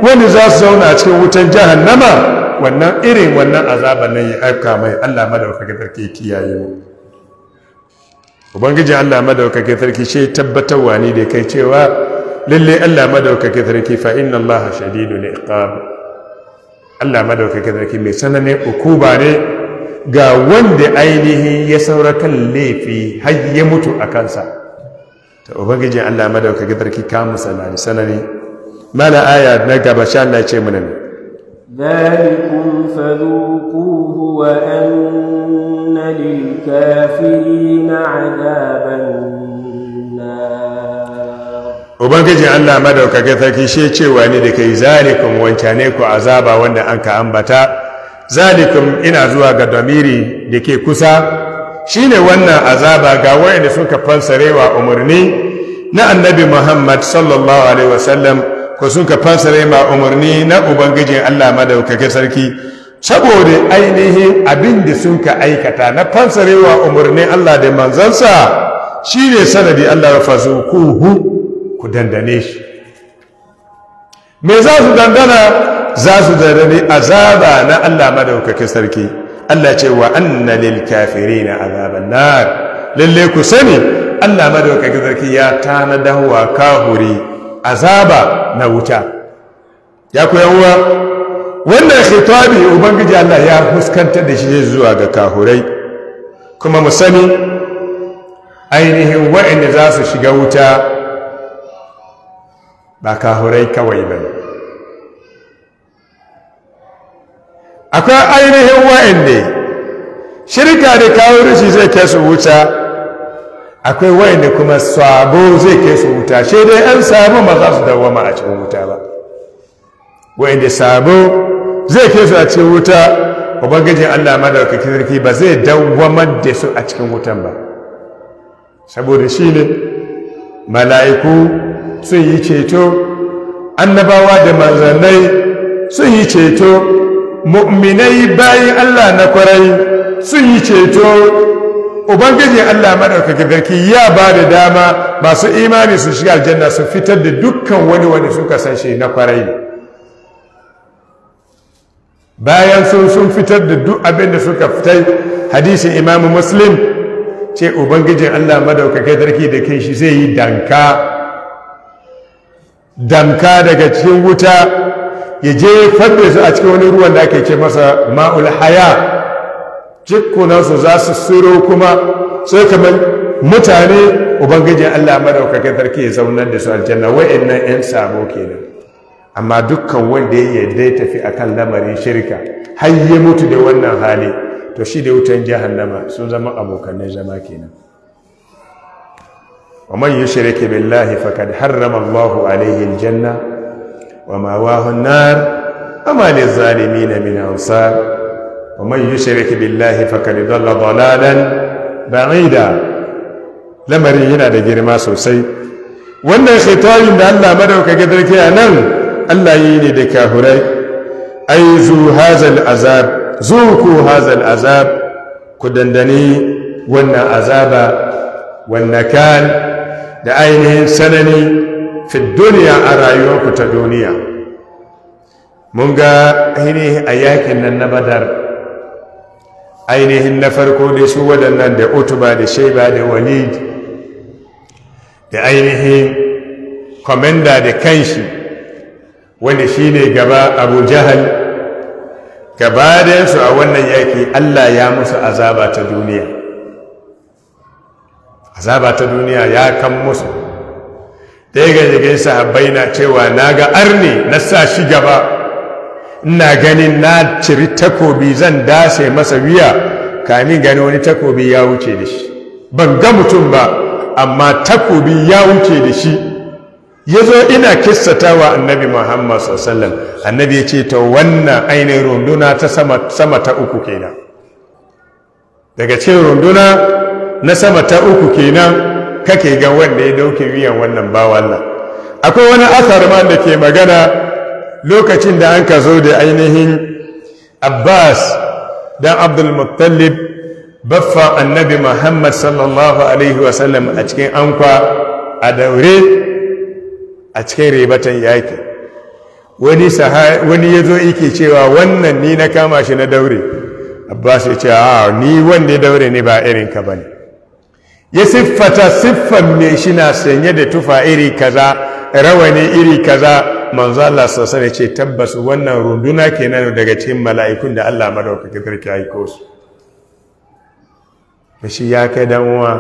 wani za su zauna a cikin wutan jihar jahannama wannan irin wannan azaban nan ya aika mai Allah madaukakin sarki kiyaye mu ubangiji Allah madaukakin sarki shi tabbatarwa ne da kai cewa lalle Allah madaukakin sarki fa inna Allah shadidul iqab Allah madaukakin sarki mai sananin uku ne ga wanda ainihi ya saura kan laifi har ya mutu a kansa ta ubangiji Allah madaukakin sarki ka na sanani mala aya na gaba sha Allah ya ce mu ne ذلكم فذوقوه وأن للكافرين عذاب Ubangiji Allah madaukakin sarki shi cewa ni da kai zalikum wancane ku azaba wanda an ka ambata zalikum ina zuwa ga damiri da ke kusa shine wannan azaba ga wanda suka fansarewa umarni na annabi Muhammad sallallahu ko sun ka fansare ma umarni na ubangijin Allah madaukake sarki saboda ainihin abin da sun ka aikata na fansarewa umarnin Allah da manzansa shi ne sanadi Allah ya fasu hu ku dandane shi me za su dandana za su dandane azaba na Allah madaukake sarki Allah ce wa anna lil kafirina azaban nar lalle ku sani Allah madaukake sarki ya tana tanadawa kahuri azaba na wuta ya yawuwa wannan khitabi ubangiji Allah ya fuskantar da shi zuwa ga kahurai kuma mu sani ainihin wa'anda za su shiga wuta ba kahurai kawai ba akwai ainihin wa'anda shirka da kawo shi zai kai su wuta akwai wayanda kuma sabo zai kai su wuta shi dai an sabo ma za su dawama a cikin wuta ba wayanda sabo zai kai su a cikin wuta ubangijin allah madaukakin sarki ba zai dawamar da su a cikin wutan ba saboda shi ne mala'iku sun yi ceto annabawa da manzannai sun yi ceto mu'minai bayan allah na kwarai sun yi ceto ubangiji allah maɗaukakin garki ya ba da dama masu imani su shiga aljanna su fitar da dukkan wani wani suka san shi na kwarai bayan sun sun fitar da duk abin da suka fitar hadisin imamu muslim ce ubangijin allah maɗaukakin garki da kai shi zai yi danka damka daga cikin wuta ya je fadda su a cikin wani ruwan da ake ce masa ma'ul haya jikunansu za su tsoro kuma sai kamar mutane ubangijin allah madaukakin sarki ya zaunar da su aljanna wa'annan 'yan sabo kenan amma dukkan wanda ya yadda ya tafi akan lamarin shirka har ya mutu da wannan hali to shi da wutan jahannama sun zama abokan zama kenan ومن يشرك harrama Allahu حرم janna? wa الجنة ومأواه النار وما للظالمين min أنصار ومن يشرك بالله فقد ضل ضلالا بعيدا lamarin yana da girma sosai wannan shaitanin da Allah madauka gadarki a nan Allah yi ne da kahurai ai zu hazal azab ku hazal azab ku dandani wannan azaba wannan kan da ainihin sanani fi duniya a rayuwarku ta duniya mun ga ainihin a yakin nan na badar ainihin na farko dai su waɗannan da utuba da shaiba da walid da ainihin komenda da kanshi wanda shi ne gaba abu jahal gaba gabadansu a wannan yaki, allah ya musu azaba ta duniya azaba ta duniya ya kan musu ɗaya ga jigin sahabbai na cewa na ga arni na sa shi gaba ina ganin na ciri takobi zan dase masa wiya. kamin gani wani takobi ya wuce da shi ban ga mutum ba amma takobi ya wuce da shi ya zo ina kissatawa annabi muhammad sassallam annabi ya ce ta wannan ainihin runduna ta sama ta uku kenan daga cikin runduna na sama ta uku kenan kake ga wanda ya dauke wiyan wannan bawan Allah akwai wani asar ma da ke magana lokacin da an ka zo da ainihin abbas dan abdulmuttalib baffa annabi muhammad sallallahu alaihi wasallam a cikin ankwa a daure a cikin ribatan yaki wani ya zo ike cewa wannan ni na kama shi na daure abbas ya ce a ni wanda ya daure ne ba irin ba ne ya siffata siffan mai shi na sanye da tufa iri kaza rawani iri kaza manzo Allah sallallahu alaihi ce tabbas wannan runduna kenan daga cikin mala'ikun da Allah madaukakin sarki aiko su shi ya kai dan uwa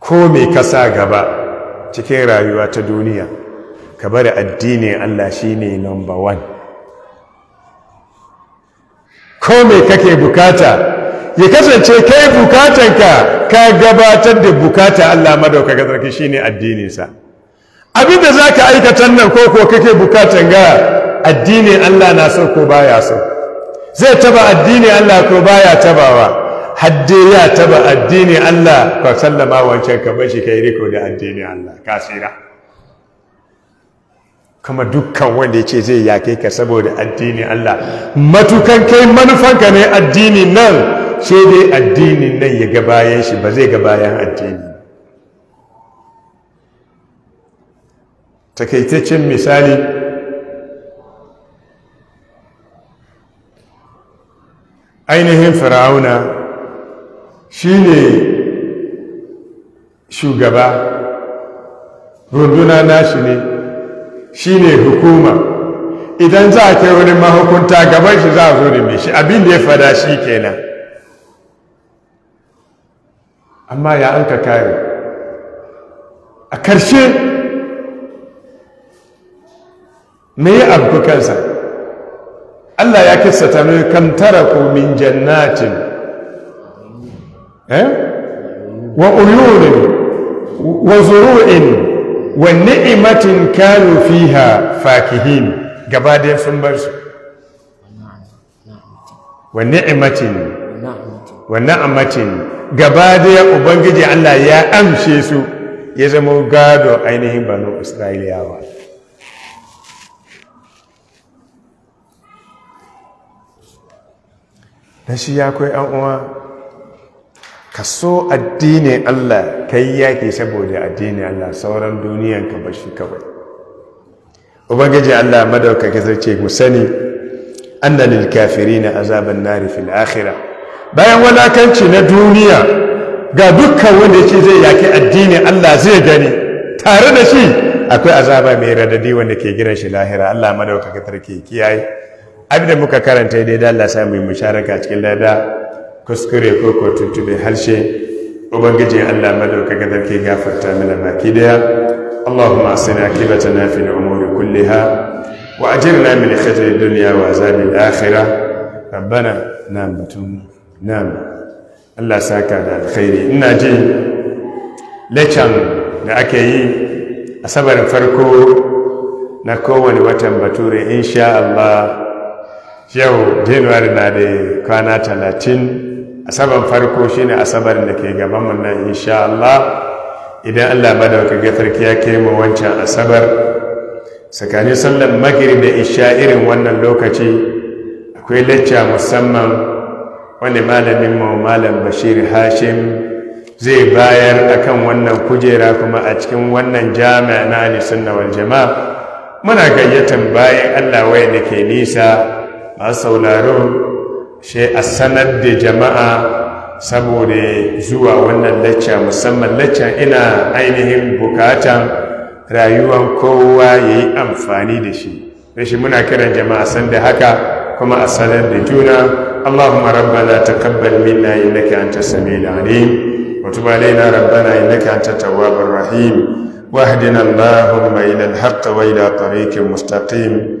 ko me ka sa gaba cikin rayuwa ta duniya ka bari addinin Allah shine number 1 ko me kake bukata ya kasance kai bukatanka ka gabatar da bukata Allah ga sarki shine addininsa abinda za ka aikatan nan ko ko kake bukatan ga addini Allah na so ko baya so zai taba addini Allah ko baya tabawa hadde ya taba addini Allah ka sallama wancan ka bashi kai riko da addini Allah kasira tsira dukkan wanda ya ce zai yake ka saboda addini Allah matukan kai manufanka ne addini nan sai dai addini nan ya ga bayan shi ba zai ga bayan addini takaitaccen misali ainihin fir'auna shine shugaba runduna nashi ne shine hukuma idan za a kai wani mahukunta gaban shi za a zo da shi abin da ya fada shi kenan amma ya an ka kare a ƙarshe. me ya abu kansa Allah ya kissata mai kam taraku min jannatin eh wa uyunin wa zuru'in wa ni'matin kanu fiha fakihin gaba da sun bar su wa ni'matin wa na'matin gaba da ubangiji Allah ya amshe su ya zama gado ainihin banu isra'iliyawa na shi ya kai yan uwa ka so addinin Allah ka yi saboda addinin Allah sauran duniyan ka bashi kawai ubangiji Allah madaukaki zai ce ku sani anna lil kafirin azaban nar fil akhirah bayan walakanci na duniya ga dukkan wanda yake zai yaki addinin Allah zai gani tare da shi akwai azaba mai radadi wanda ke gidan shi lahira Allah madaukaki tarke kiyaye abinda muka karanta dai da Allah sa mu yi musharaka cikin lada kuskure ko ko tuntube harshe Ubangijin Allah madaukaka zarki gafarta mana baki daya اللهم اصلنا عاقبتنا في الامور كلها واجرنا من خزي الدنيا وعذاب الاخره ربنا نعم بتوم نعم الله saka da alkhairi ina ji lechan da ake yi asabar farko na kowane watan bature insha Allah yau January na da kwana talatin asabar farko shine asabar da ke gabanmu nan insha Allah idan Allah ba da ya kai mu wancan asabar tsakanin sallar magiri da isha irin wannan lokaci akwai lacca musamman wani malaminmu malam bashir hashim zai bayar akan wannan kujera kuma a cikin wannan jami'a na alisunna wal jama'a muna gayyatan bayan allah waya da ke nisa a sauraro shi a sanar da jama'a saboda zuwa wannan lacca musamman lacca ina ainihin bukatan rayuwan kowa ya yi amfani da shi da shi muna kiran jama'a san da haka kuma a sanar da juna allahumma rabbana taqabbal minna innaka antas samiul alim وتب علينا tawabar rahim أنت التواب الرحيم واهدنا اللهم إلى الحق da طريق مستقيم